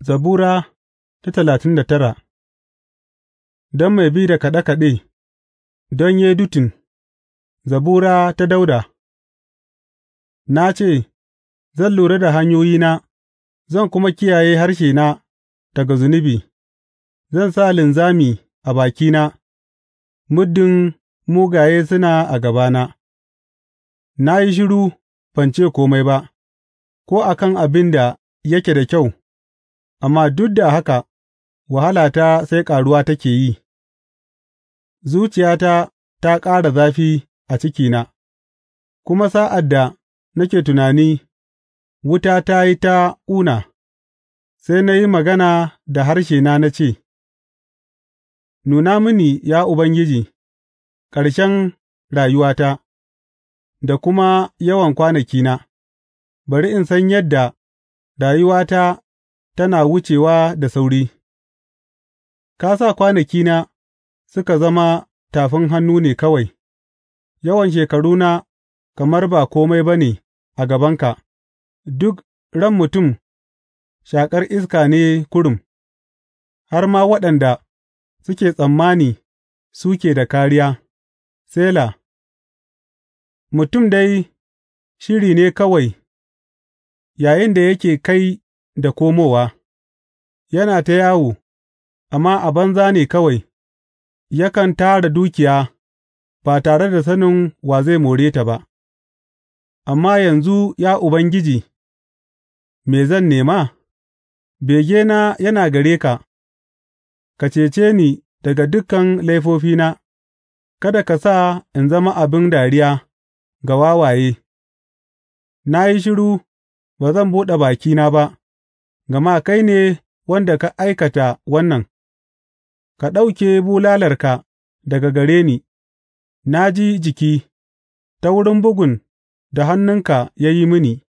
Zabura ta talatin da tara Don mai bi da kaɗe kaɗe, don dutin. zabura ta Dauda Na ce, Zan lura da hanyoyina, zan kuma kiyaye harshena daga zunubi, zan sa linzami a bakina, muddin mugaye suna a gabana, na yi shiru ban komai ba, ko a kan abin da yake da kyau. Amma duk da haka wahalata sai ƙaruwa take yi; zuciyata ta ƙara zafi a cikina, kuma sa'ad da nake tunani, wuta ta yi ta ƙuna, sai na yi magana da harshena na ce, Nuna mini, ya Ubangiji, ƙarshen rayuwata da kuma yawan kwanakina; bari in san yadda rayuwata tana wucewa da sauri; ka sa kwanakina suka zama tafin hannu ne kawai, yawan shekaruna kamar ba kome ba ne a gabanka; duk ran mutum shaƙar iska ne kurum, har ma waɗanda suke tsammani suke da kariya. Sela Mutum dai shiri ne kawai yayinda yake kai da komowa. Yana ta yawo, amma a banza ne kawai; yakan tara dukiya ba tare da sanin wa zai more ta ba, amma yanzu, ya Ubangiji, me zan nema? Begena yana gare ka; ka cece ni daga dukan laifofina kada ka sa in zama abin dariya ga wawaye; na yi shiru ba zan buɗe bakina ba, gama kai ne. wanda ka aikata wannan, ka ɗauke bulalarka daga gare ni, na ji jiki ta wurin bugun da hannunka ya yi mini,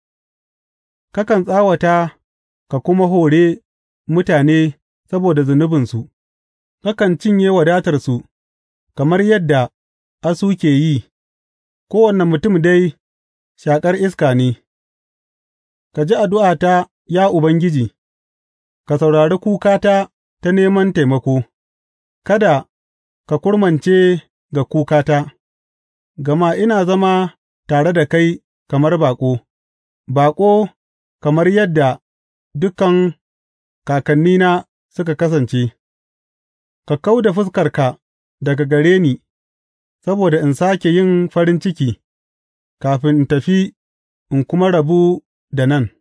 kakan tsawata ka kuma hore mutane saboda zunubinsu, kakan cinye wadatarsu kamar yadda asu ke yi, kowane mutum dai shaƙar iska ne, ka ji addu'ata, ya Ubangiji. ka saurari kukata ta neman taimako; kada ka kurmance ga kukata, gama ina zama tare da kai kamar baƙo, baƙo kamar yadda dukan kakannina suka kasance; ka kau da fuskarka daga gare ni saboda in sake yin farin ciki kafin in tafi in kuma rabu da nan.